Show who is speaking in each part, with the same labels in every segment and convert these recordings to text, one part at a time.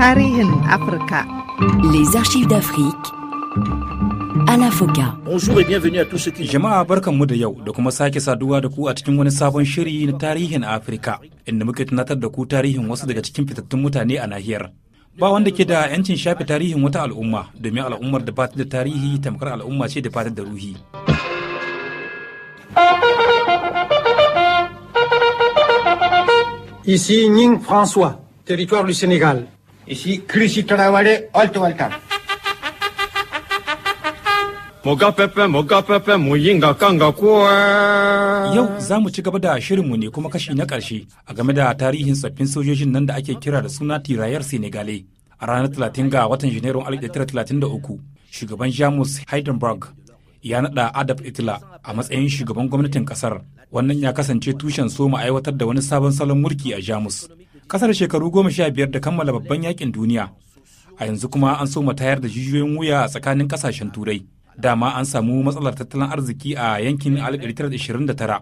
Speaker 1: tarihin Afirka. Les archives d'Afrique
Speaker 2: Bonjour et bienvenue à tous ceux qui... Jama'a barkanmu da yau da kuma sake saduwa da ku a cikin wani sabon shiri na tarihin Afirka inda muke tunatar da ku tarihin wasu daga cikin fitattun mutane a nahiyar. Ba wanda ke da 'yancin shafe tarihin wata al'umma domin al'ummar da ta da tarihi tamkar al'umma ce da da ruhi. Ici
Speaker 3: Ning François, territoire du Sénégal. ఇసి la తొడవాడే alto వాల్టాం
Speaker 1: Moga pepe, moga pepe, mu kanga
Speaker 2: kuwa. Yau za mu ci gaba da shirinmu ne kuma kashi na ƙarshe a game da tarihin tsaffin sojojin nan da ake kira da suna tirayar Senegale. A ranar 30 ga watan Janairun 1933, shugaban Jamus Heidenberg ya naɗa Adolf Hitler a matsayin shugaban gwamnatin ƙasar. Wannan ya kasance tushen soma aiwatar da wani sabon salon mulki a Jamus. kasar shekaru goma sha biyar da kammala babban yakin duniya a yanzu kuma an so tayar da jijiyoyin wuya a tsakanin ƙasashen turai dama an samu matsalar tattalin arziki a yankin 1929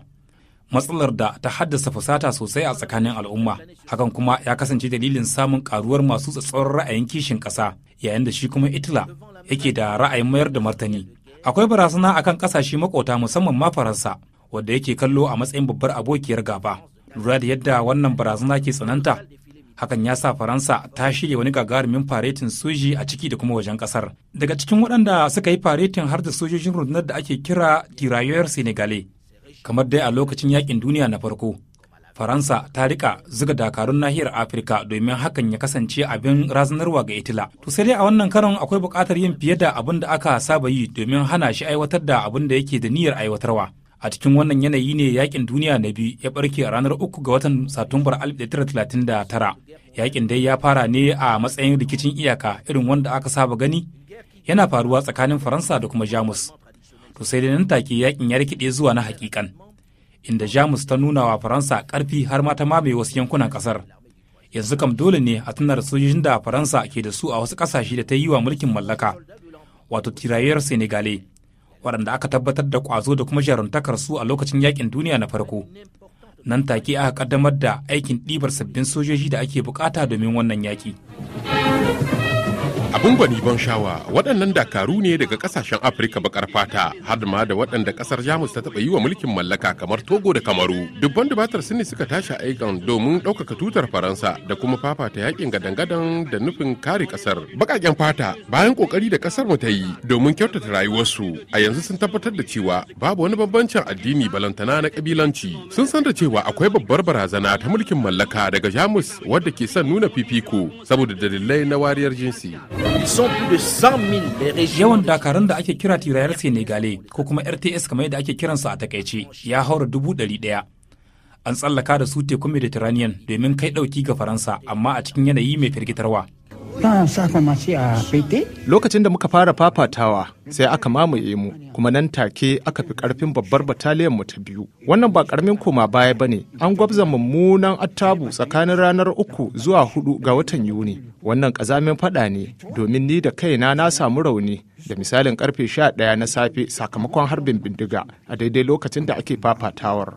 Speaker 2: matsalar da ta haddasa fusata sosai a tsakanin al'umma hakan kuma ya kasance dalilin samun karuwar masu tsatsauran ra'ayin kishin ƙasa yayin da shi kuma itila yake da ra'ayin mayar da martani akwai barazana akan ƙasashe makota musamman ma faransa wadda yake kallo a matsayin babbar abokiyar gaba lura da yadda wannan barazana ke tsananta hakan ya sa faransa ta shirya wani gagarumin faretin soji a ciki da kuma wajen kasar daga cikin waɗanda suka yi faretin har da sojojin rundunar da ake kira tirayoyar senegale kamar dai a lokacin yakin duniya na farko faransa ta rika zuga dakarun nahiyar afirka domin hakan ya kasance abin razanarwa ga itila to sai dai a wannan karon akwai bukatar yin fiye da abin da aka saba yi domin hana shi aiwatar da abin da yake da niyyar aiwatarwa a cikin wannan yanayi ne yakin duniya na biyu ya barke a ranar uku ga watan satumbar 1939 yakin dai ya fara ne a matsayin rikicin iyaka irin wanda aka saba gani yana faruwa tsakanin faransa da kuma jamus to sai dai nan take yakin ya rikide zuwa na hakikan inda jamus ta nuna wa faransa karfi har ma ta mamaye wasu yankunan kasar yanzu kam dole ne a tunar sojojin da faransa ke da su a wasu kasashe da ta yi wa mulkin mallaka wato tirayyar senegale waɗanda aka tabbatar da ƙwazo da kuma jaruntakar su a lokacin yakin duniya na farko nan take aka ƙaddamar da aikin ɗibar sabbin sojoji da ake bukata domin wannan yaƙi. Abin gwani ban
Speaker 3: shawa waɗannan dakaru ne daga ƙasashen Afirka bakar fata har ma da waɗanda ƙasar Jamus ta taɓa yi wa mulkin mallaka kamar Togo da Kamaru. Dubban dubatar sun ne suka tashi aikan domin ɗaukaka tutar Faransa da kuma fafata yakin gadan-gadan da nufin kare ƙasar. Baƙaƙen fata bayan ƙoƙari da ƙasar mu ta yi domin kyautata rayuwarsu a yanzu sun tabbatar da cewa babu wani bambancin addini balantana na ƙabilanci. Sun san da cewa akwai babbar barazana ta mulkin mallaka daga
Speaker 2: Jamus wadda ke son nuna fifiko saboda dalilai na wariyar jinsi. Yawan dakarun da ake kira tirayar Senegale ko kuma RTS kamar yadda ake kiransa a takaice ya haura dubu ɗari ɗaya. An tsallaka da su tekun Mediterranean domin kai ɗauki ga Faransa amma a cikin yanayi mai firgitarwa. ta saka masu a fete. Lokacin da muka fara fafatawa sai aka mamaye mu kuma nan take aka fi karfin babbar
Speaker 3: bataliyan mu ta biyu. Wannan ba karamin koma baya ba ne. An gwabza mummunan attabu tsakanin ranar uku zuwa hudu ga watan Yuni. Wannan ƙazamin faɗa ne domin ni da kaina na samu rauni da misalin karfe 11 na safe sakamakon harbin bindiga a daidai
Speaker 2: lokacin da ake fafatawar.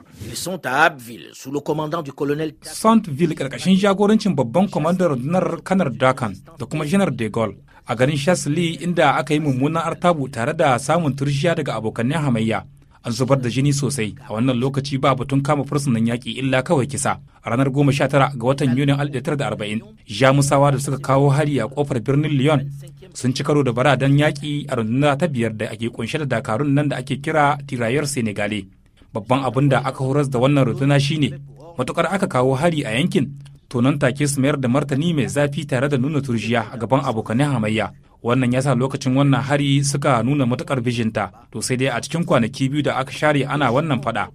Speaker 2: Saint-Ville karkashin jagorancin babban kwamandan rundunar kanar Dakan da kuma janar de Gaulle a garin Shasli inda aka yi mummunan artabu tare da samun turshiya daga abokanin hamayya. an zubar da jini sosai a wannan lokaci ba batun kama fursunan yaƙi illa kawai kisa a ranar tara ga watan da arba'in. jamusawa da suka kawo hari a kofar birnin lyon sun ci karo da baradan yaƙi a runduna ta biyar da ake kunshe da dakarun nan da ake kira tirayar senegale babban abin da aka horas da wannan runduna shine matukar aka kawo hari a yankin to nan take su mayar da martani mai zafi tare da nuna turjiya a gaban abokanai hamayya wannan ya sa lokacin wannan hari suka nuna matukar bijinta to sai dai a cikin kwanaki biyu da aka share ana wannan fada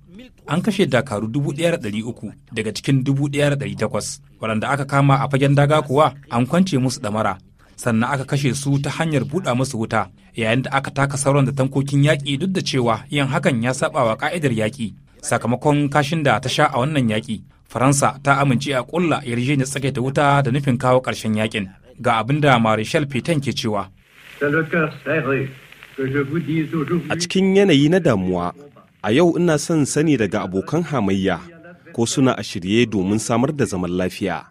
Speaker 2: an kashe dakaru 1,300 daga cikin dubu takwas waɗanda aka kama a fagen daga kuwa an kwance musu ɗamara sannan aka kashe su ta hanyar buɗa musu wuta yayin da aka taka sauran da tankokin yaƙi duk da cewa yin hakan ya saba wa ƙa'idar yaƙi sakamakon kashin da ta sha a wannan yaƙi faransa ta amince a kulla yarjejeniyar ta wuta da nufin kawo ƙarshen yakin ga abin da marishal petain ke cewa a cikin yanayi na damuwa a yau ina son sani daga abokan hamayya ko suna a shirye domin samar da zaman lafiya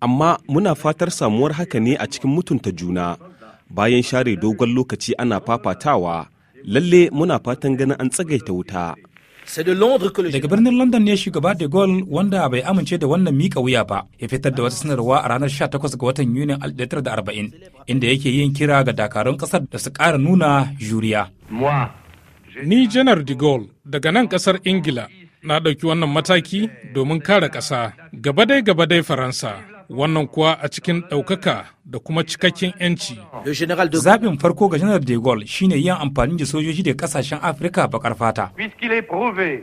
Speaker 2: amma muna fatar samuwar haka ne a cikin mutunta juna bayan share dogon lokaci ana fafatawa lalle muna fatan ganin an tsagaita wuta Daga birnin London ne shugaba De Gaulle wanda bai amince da wannan mika wuya ba ya fitar da wata sanarwa a ranar 18 ga watan Yunin 1940 inda yake yin kira ga dakarun kasar da su kara nuna juriya. Ni Janar De Gaulle daga nan
Speaker 3: kasar Ingila na ɗauki wannan mataki domin kare ƙasa gaba dai gaba
Speaker 2: Faransa. wannan kuwa a cikin ɗaukaka da kuma cikakken 'yanci. Zaɓin farko ga Janar de Gaulle shine yin amfani da sojoji da ƙasashen Afirka bakar fata.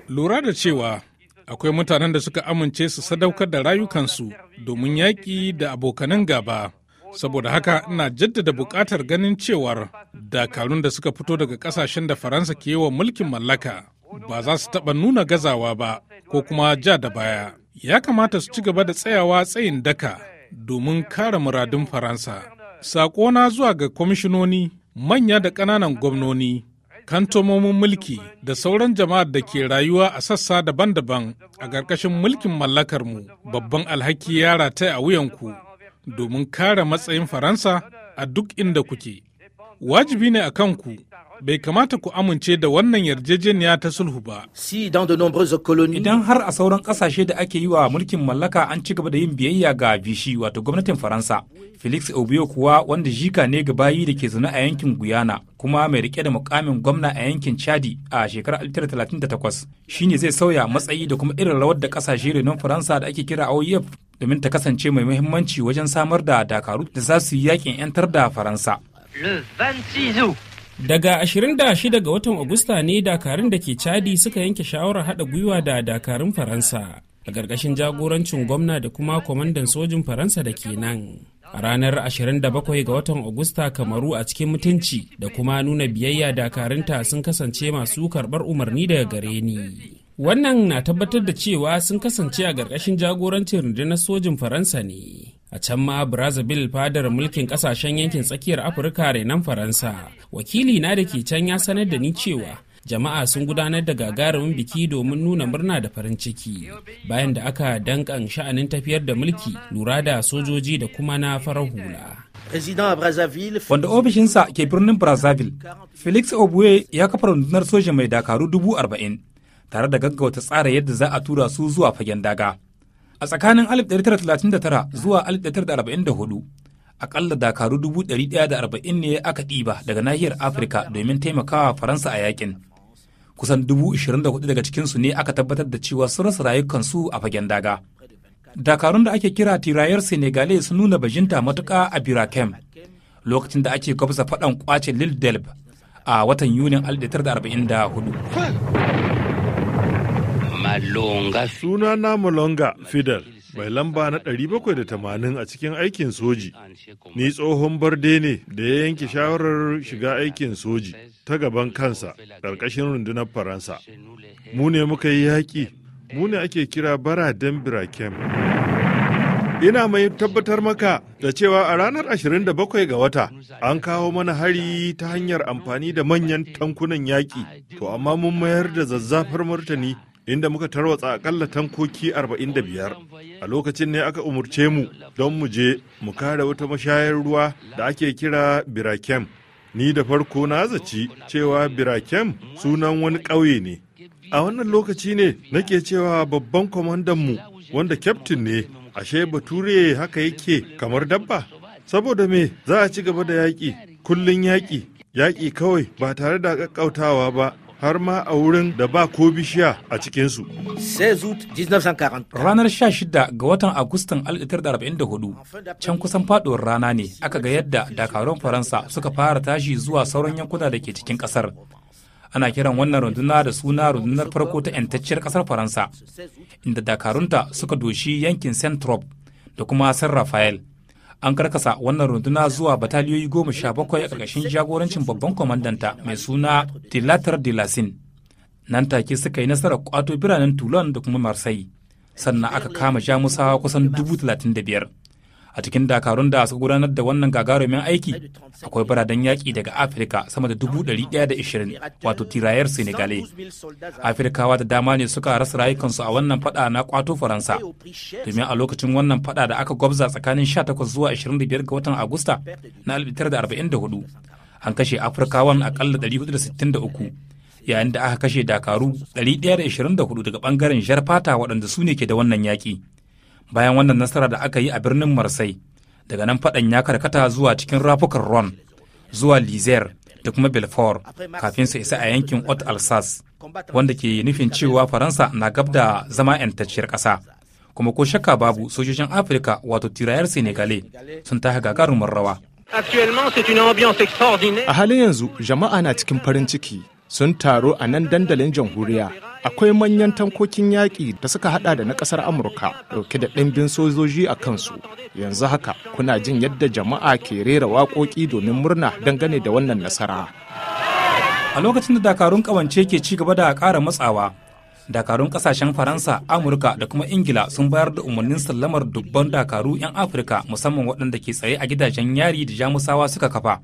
Speaker 3: Lura da cewa akwai mutanen da suka amince su sadaukar da rayukansu domin yaƙi da abokanan gaba. Saboda haka ina jaddada buƙatar ganin cewar dakarun da suka fito daga ƙasashen da Faransa ke yi wa mulkin mallaka ba za su taɓa nuna gazawa ba ko kuma ja da baya. ya kamata su ci gaba da tsayawa tsayin daka domin kare muradun faransa saƙona zuwa ga kwamishinoni manya da ƙananan gwamnoni kantomomin mulki da sauran jama'ar da ke rayuwa a sassa daban-daban a ƙarƙashin mulkin mallakarmu babban alhaki ya rataya a wuyanku domin kare matsayin faransa a duk inda kuke wajibi ne a kanku bai kamata ku amince da wannan yarjejeniya ta sulhu ba.
Speaker 2: Idan har a sauran ƙasashe da ake yi wa mulkin mallaka an ci gaba da yin biyayya ga Vichy wato gwamnatin Faransa, Felix Obiyo kuwa wanda jika ne ga bayi da ke zaune a yankin Guyana kuma mai rike da mukamin gwamna a yankin Chadi a shekarar 1938 ne zai sauya matsayi da kuma irin rawar da ƙasashe renon Faransa da ake kira OEF domin ta kasance mai muhimmanci wajen samar da dakaru da za su yi yakin 'yantar da Faransa. Le 26 août, Daga 26 ga watan Agusta ne dakarun da ke Chadi suka yanke shawarar haɗa gwiwa da dakarun Faransa a gargashin jagorancin gwamna da kuma kwamandan sojin Faransa da ke nan. A ranar 27 ga watan Agusta Kamaru a cikin mutunci da kuma nuna biyayya dakarunta sun kasance masu karɓar umarni daga gare ni. Wannan na tabbatar da cewa sun kasance a gargashin jagorancin rundunar sojin Faransa ne. a can ma brazzaville fadar mulkin kasashen yankin tsakiyar afirka renan faransa wakili na da ke can ya sanar da ni cewa jama'a sun gudanar da gagarumin biki domin nuna murna da farin ciki bayan da aka dankan sha'anin tafiyar da mulki lura da sojoji da kuma na farar hula wanda ofishinsa ke birnin brazzaville felix obue ya kafa rundunar soja mai dakaru dubu arba'in tare da gaggauta tsara yadda za a tura su zuwa fagen daga A tsakanin 1939 zuwa 1944, akalla dakaru 140 ne aka ɗiba daga nahiyar Afirka domin taimakawa Faransa a yakin. Kusan 24,000 daga cikinsu ne aka tabbatar da cewa sun rasa rayukansu a fagen daga. Dakarun da ake kira tirayar senegale sun nuna bajinta matuka a Birakem lokacin da ake gwabza faɗan ƙwace Lil Delb a watan Yunin 1944.
Speaker 1: Malonga. Suna na Malonga Fidel, mai lamba na 780 a cikin aikin soji. Ni tsohon barde ne da ya yanke shawarar shiga aikin soji ta gaban kansa ƙarƙashin rundunar Faransa. Mu ne muka yi yaƙi, mu ne ake kira bara Birakem. Ina mai tabbatar maka da cewa a ranar 27 ga wata an kawo mana hari ta hanyar amfani da manyan tankunan yaƙi, to amma mun mayar da zazzafar martani inda muka tarwatsa akalla tankoki 45 a lokacin ne aka umurce mu don mu je mu kare wata mashayar ruwa da ake kira birakem ni da farko na zaci cewa birakem sunan wani ƙauye ne a wannan lokaci ne nake cewa babban kwamandanmu wanda kyaftin ne ashe bature haka yake kamar dabba saboda me za a ci gaba da yaƙi kullum yaƙi yaƙi kawai ba tare da ƙaƙƙautawa ba har ma a wurin da ba ko bishiya a cikinsu.
Speaker 2: Ranar 16 ga watan Agustan 1944 can kusan faduwar rana ne aka ga yadda dakarun Faransa suka fara tashi zuwa sauran yankuna da ke cikin ƙasar. Ana kiran wannan runduna da suna rundunar farko ta 'yantacciyar ƙasar Faransa, inda dakarunta suka doshi yankin Saint-Trope da kuma San Rafael. an karkasa wannan runduna zuwa bataliyoyi goma sha bakwai a ƙarƙashin jagorancin babban kwamandanta mai suna dilatar dilasin nan take suka yi nasarar kwato biranen toulon da kuma marseille sannan aka kama jamusawa kusan dubu talatin da biyar a cikin dakarun da suka gudanar da wannan gagarumin aiki akwai biraden yaƙi daga afirka sama da dubu ɗari ɗaya da ishirin wato tirayar senegale afirkawa da dama ne suka rasa rayukansu a wannan faɗa na kwato faransa domin a lokacin wannan faɗa da aka gwabza tsakanin 18 zuwa 25 ga watan agusta na 1944 an kashe afirkawan akalla 463 yayin da aka kashe dakaru 124 daga bangaren jar fata waɗanda su ne ke da wannan yaƙi. bayan wannan nasara da aka yi a birnin marsai daga nan fadan ya karkata zuwa cikin rafukan ron zuwa lizer da kuma belfort kafin su isa a yankin haute alsace wanda ke nufin cewa faransa na gab da zama 'yantacciyar ƙasa kuma ko shakka babu sojojin afirka wato tirayar senegale sun ta gagarumin rawa a halin yanzu jama'a na cikin farin ciki sun taro a nan dandalin jamhuriya akwai
Speaker 3: manyan tankokin yaƙi da suka hada da na ƙasar amurka dauke da ɗimbin sojoji a kansu
Speaker 2: yanzu haka kuna jin yadda jama'a ke rera waƙoƙi domin murna dangane da wannan nasara a lokacin da dakarun ƙawance ke ci gaba da ƙara matsawa dakarun ƙasashen faransa amurka da kuma ingila sun bayar da umarnin sallamar dubban dakaru 'yan afirka musamman waɗanda ke tsaye a gidajen yari da jamusawa suka kafa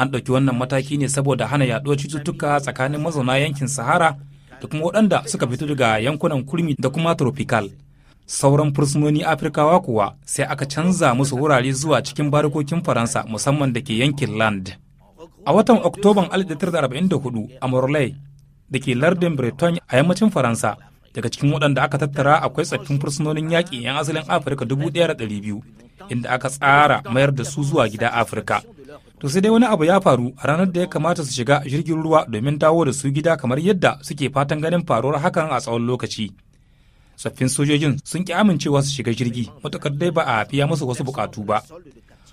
Speaker 2: an ɗauki wannan mataki ne saboda hana yaɗuwar cututtuka tsakanin mazauna yankin sahara da kuma waɗanda suka fito daga yankunan kurmi da kuma tropical sauran fursunoni afirkawa kuwa sai aka canza musu wurare zuwa cikin barikokin faransa musamman da ke yankin land a watan oktoban 1944 a morlai da ke lardin breton a yammacin faransa daga cikin waɗanda aka tattara akwai tsaffin fursunonin yaƙi 'yan asalin afirka 1,200 inda aka tsara mayar da su zuwa gida afirka To sai dai wani abu ya faru a ranar da ya kamata su shiga jirgin ruwa domin dawo da su gida kamar yadda suke fatan ganin faruwar hakan a tsawon lokaci. Tsaffin sojojin sun ki amincewa su shiga jirgi matuƙar dai ba a biya musu wasu buƙatu ba.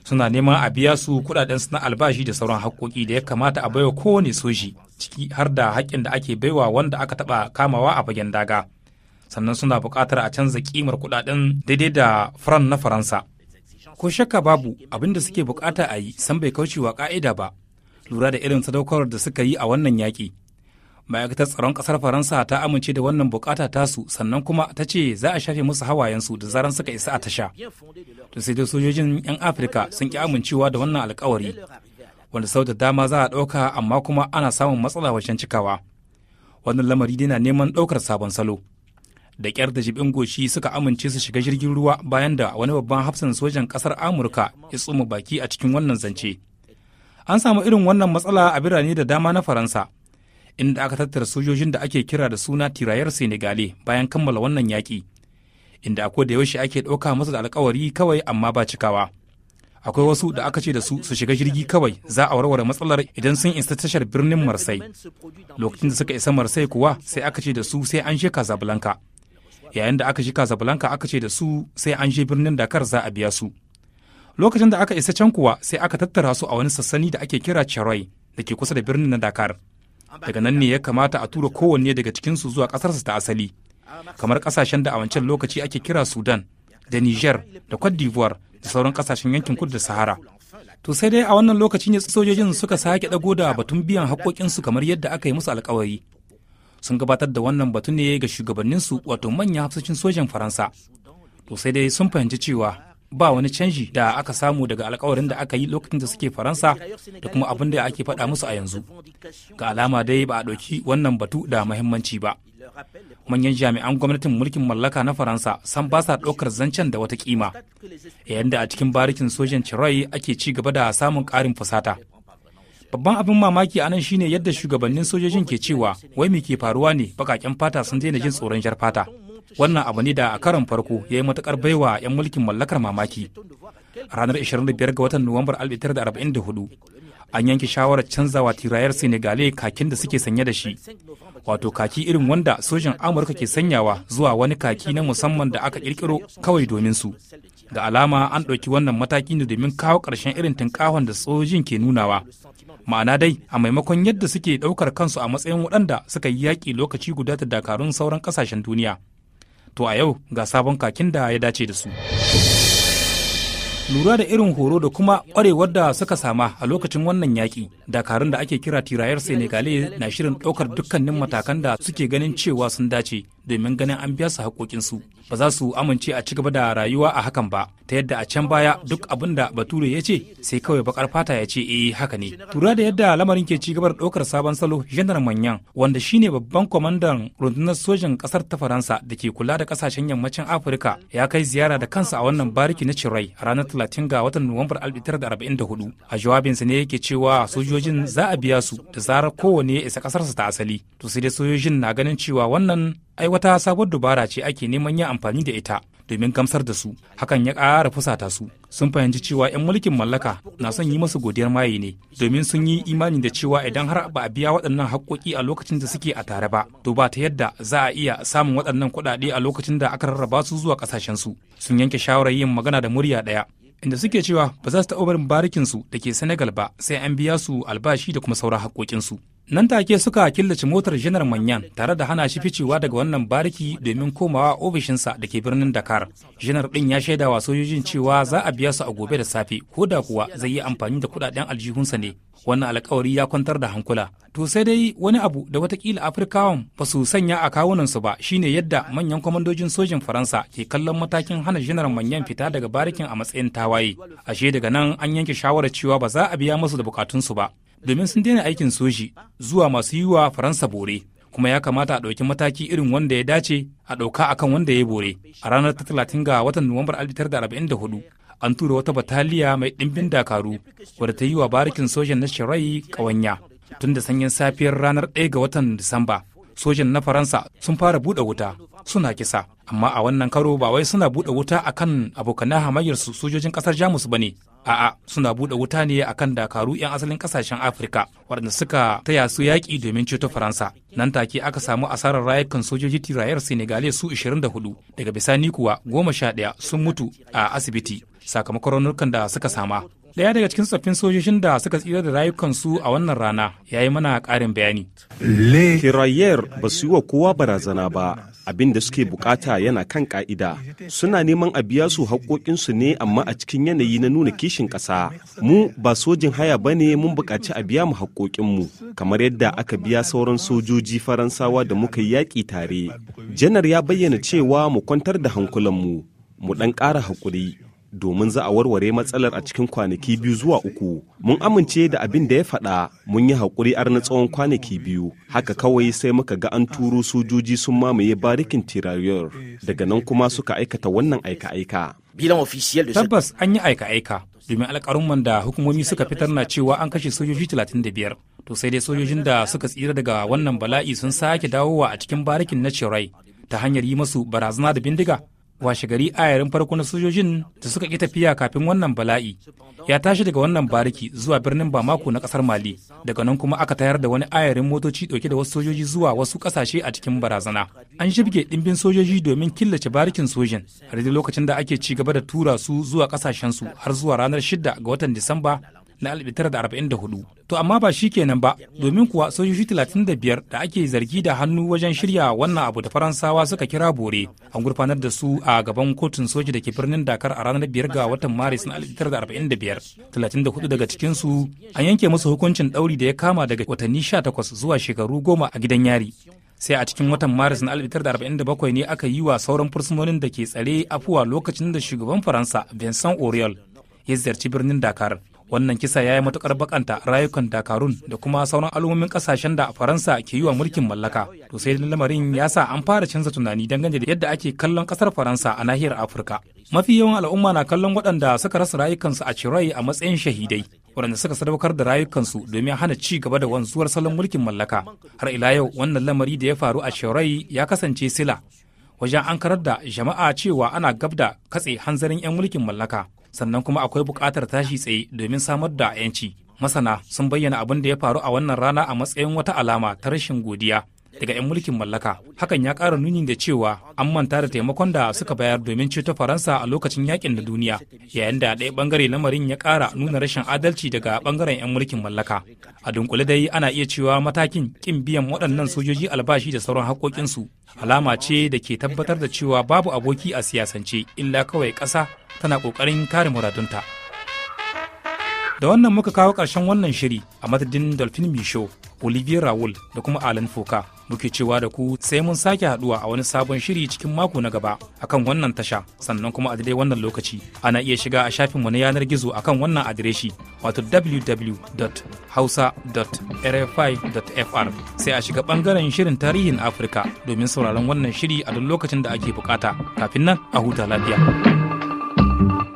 Speaker 2: Suna neman a biya su kuɗaɗen su na albashi da sauran hakoki da ya kamata a baiwa kowane soji ciki har da haƙƙin da ake baiwa wanda aka taɓa kamawa a fagen daga. Sannan suna buƙatar a canza ƙimar kuɗaɗen daidai da faran na Faransa. ko shakka babu abin da suke bukata a yi san bai kauce wa ka'ida ba lura da irin sadaukarwar da suka yi a wannan yaƙi ma'aikatar tsaron ƙasar faransa ta amince da wannan bukata tasu sannan kuma ta ce za a shafe musu hawayensu da zaran suka isa a tasha to sai dai sojojin 'yan afirka sun ki amincewa da wannan alkawari wanda sau da dama za a ɗauka amma kuma ana samun matsala wajen cikawa wannan lamari dai na neman ɗaukar sabon salo da kyar da jibin goshi suka amince su shiga jirgin ruwa bayan da wani babban hafsan sojan kasar amurka ya tsoma baki a cikin wannan zance an samu irin wannan matsala a birane da dama na faransa inda aka tattara sojojin da ake kira da suna tirayar senegale bayan kammala wannan yaƙi inda akwai da yaushe ake ɗauka masa da alkawari kawai amma ba cikawa akwai wasu da aka ce da su su shiga jirgi kawai za a warware matsalar idan sun isa tashar birnin marsai lokacin da suka isa marsai kuwa sai aka ce da su sai an je casablanca yayin da aka shi casablanca aka ce da su sai an je birnin dakar za a biya su lokacin da aka isa can kuwa sai aka tattara su a wani sassani da ake kira charoy da ke kusa da birnin na dakar daga nan ne ya kamata a tura kowanne daga cikinsu zuwa ƙasarsa ta asali kamar ƙasashen da a wancan lokaci ake kira sudan da niger da cote d'ivoire da sauran ƙasashen yankin kudu da sahara to sai dai a wannan lokacin ne sojojin suka sake ɗago da batun biyan haƙoƙinsu kamar yadda aka yi musu alkawari sun gabatar da wannan batu ne ga shugabanninsu wato manyan hafsoshin sojan faransa to sai dai sun fahimci cewa ba wani canji da aka samu daga alkawarin da aka yi lokacin da suke faransa da kuma abin da ake faɗa musu a yanzu ga alama dai ba a ɗauki wannan batu da mahimmanci ba manyan jami'an gwamnatin mulkin mallaka na faransa san ba sa ɗaukar zancen da wata kima yayin da a cikin barikin sojan ciroy ake ci gaba da samun ƙarin fusata babban abin mamaki a nan shine yadda shugabannin sojojin ke cewa wai me ke faruwa ne bakaken fata sun daina jin tsoron jar fata wannan abu ne da a karon farko ya yi matukar baiwa 'yan mulkin mallakar mamaki A ranar 25 ga watan nuwambar 1944 an yanke shawarar canzawa tirayar senegale kakin da suke sanye da shi wato kaki irin wanda sojin amurka ke sanyawa zuwa wani kaki na musamman da aka kirkiro kawai domin su ga alama an ɗauki wannan mataki ne domin kawo ƙarshen irin tunkahon da sojin ke nunawa ma'ana dai a maimakon yadda suke ɗaukar kansu a matsayin waɗanda suka yi yaƙi lokaci guda da dakarun sauran ƙasashen duniya to a yau ga sabon kakin da ya dace da su lura da irin horo da kuma ƙwarewar da suka sama a lokacin wannan yaƙi dakarun da ake kira tirayar senegale na shirin ɗaukar dukkanin matakan da suke ganin cewa sun dace domin ganin an biya su haƙoƙinsu ba za su amince a ci gaba da rayuwa a hakan ba ta yadda a can baya duk abin da bature ya ce sai kawai bakar fata ya ce eh haka ne tura da yadda lamarin ke ci gaba da ɗaukar sabon salo janar manyan wanda shine babban kwamandan rundunar sojin ƙasar ta faransa da ke kula da ƙasashen yammacin afirka ya kai ziyara da kansa a wannan bariki na cirai a ranar talatin ga watan nuwambar hudu a jawabinsa ne yake cewa sojojin za a biya su da zarar kowane ya isa ƙasarsa ta asali to sai dai sojojin na ganin cewa wannan ai wata sabuwar dubara ce ake neman yin amfani da ita domin gamsar da su hakan ya ƙara fusata su sun fahimci cewa 'yan mulkin mallaka na son yi masu godiyar maye ne domin sun yi imani da cewa idan har ba a biya waɗannan haƙƙoƙi a lokacin da suke a tare ba to ba ta yadda za a iya samun waɗannan kuɗaɗe a lokacin da aka rarraba su zuwa ƙasashen su sun yanke shawarar yin magana da murya ɗaya inda suke cewa ba za su taɓa barin su da ke senegal ba sai an biya su albashi da kuma sauran haƙƙoƙinsu nan take suka killace motar janar manyan tare da hana shi ficewa daga wannan bariki domin komawa ofishinsa da ke birnin dakar janar din ya shaida wa sojojin cewa za a biya su a gobe da safe ko da kuwa zai yi amfani da kudaden aljihunsa ne wannan alkawari ya kwantar da hankula to sai dai wani abu da watakila afirkawan ba su sanya a kawunansu ba shine yadda manyan kwamandojin sojin faransa ke kallon matakin hana janar manyan fita daga barikin a matsayin tawaye ashe daga nan an yanke shawarar cewa ba za a biya musu da bukatunsu ba domin sun daina aikin soji zuwa masu yi wa faransa bore kuma ya kamata a ɗauki mataki irin wanda ya dace a ɗauka akan wanda ya bore a ranar ta talatin ga watan nuwambar hudu an tura wata bataliya mai ɗimbin dakaru wadda ta yi wa barikin sojan na shirai ƙawanya tun da sanyin safiyar ranar ɗaya ga watan disamba sojan na faransa sun fara buɗe wuta suna kisa amma a wannan karo ba wai suna buɗe wuta akan abokanan hamayyar su sojojin ƙasar jamus ba ne a'a suna buɗe wuta ne akan dakaru 'yan asalin ƙasashen afirka waɗanda suka taya su yaƙi domin ceto faransa nan take aka samu asarar rayukan sojoji tirayar senegale su 24 daga bisani kuwa goma sha ɗaya sun mutu a asibiti sakamakon raunukan da suka sama Daya daga cikin tsaffin sojojin da suka tsira da rayukansu a wannan rana ya yi mana ƙarin bayani.
Speaker 1: Kirayer ba su yi wa kowa barazana ba, abin da suke bukata yana kan ka'ida. Suna neman a biya su haƙoƙinsu ne
Speaker 2: amma a cikin yanayi na nuna kishin ƙasa. Mu ba sojin haya ba ne mun buƙaci a biya mu haƙoƙinmu, kamar yadda aka biya sauran sojoji Faransawa da muka yaƙi tare. Janar ya bayyana cewa mu kwantar da hankulanmu, mu ɗan ƙara haƙuri. domin za a warware matsalar a cikin kwanaki biyu zuwa uku mun amince da abin da ya faɗa mun yi haƙuri ar na tsawon kwanaki biyu haka kawai sai muka ga an turo sojoji sun mamaye barikin tirayyar daga nan kuma suka aikata wannan aika-aika tabbas an yi aika-aika domin man da hukumomi suka fitar na cewa an kashe sojoji 35 to sai dai sojojin da suka tsira daga wannan bala'i sun sake dawowa a cikin barikin na cirai ta hanyar yi masu barazana da bindiga washe gari ayarin farko na sojojin da suka ƙi tafiya kafin wannan bala'i ya tashi daga wannan bariki zuwa birnin bamako na ƙasar mali daga nan kuma aka tayar da wani ayarin motoci ɗauke da wasu sojoji zuwa wasu ƙasashe a cikin barazana an shibge ɗimbin sojoji domin killace barikin sojin har lokacin da ake ci gaba da tura su zuwa ƙasashensu har zuwa ranar 6 ga watan disamba na 1944. To amma ba shi kenan ba, domin kuwa sojoji 35 da ake zargi da hannu wajen shirya wannan abu da Faransawa suka kira bore, an gurfanar da su a gaban kotun soji da ke birnin Dakar a ranar 5 ga watan Maris na 1945. 34 daga cikinsu an yanke musu hukuncin ɗauri da ya kama daga watanni 18 zuwa shekaru goma a gidan yari. sai a cikin watan maris na 1947 ne aka yi wa sauran fursunonin da ke tsare afuwa lokacin da shugaban faransa vincent oriol ya ziyarci birnin dakar wannan kisa ya yi matukar bakanta rayukan dakarun da kuma sauran al'ummomin kasashen da faransa ke yi wa mulkin mallaka to sai lamarin ya sa an fara canza tunani dangane da yadda ake kallon kasar faransa a nahiyar afirka mafi yawan al'umma na kallon waɗanda suka rasa rayukansu a cirai a matsayin shahidai waɗanda suka sadaukar da rayukansu domin hana ci gaba da wanzuwar salon mulkin mallaka har ila yau wannan lamari da ya faru a shirai ya kasance sila wajen an karar da jama'a cewa ana gab da katse hanzarin 'yan mulkin mallaka sannan kuma akwai buƙatar tashi tsaye domin samar da 'yanci masana sun bayyana abin da ya faru a wannan rana a matsayin wata alama ta rashin godiya daga 'yan mulkin mallaka hakan ya ƙara nuni da cewa an manta da taimakon da suka bayar domin ceto faransa a lokacin yakin da duniya yayin da ɗaya ɓangare lamarin ya ƙara nuna rashin adalci daga ɓangaren 'yan mulkin mallaka a dunkule dai ana iya cewa matakin ƙin biyan waɗannan sojoji albashi da sauran haƙoƙinsu alama ce da ke tabbatar da cewa babu aboki a siyasance illa kawai ƙasa tana ƙoƙarin kare muradunta da wannan muka kawo ƙarshen wannan shiri a madadin dolphin misho olivier raul da kuma alan foka muke cewa da ku sai mun sake haduwa a wani sabon shiri cikin mako na gaba akan wannan tasha sannan kuma a daidai wannan lokaci ana iya shiga a shafinmu na yanar gizo a kan wannan adireshi wato www.hausa.rfi.fr sai a shiga bangaren shirin tarihin afirka domin sauraron wannan shiri a duk lokacin da ake bukata kafin nan a huta lafiya. thank you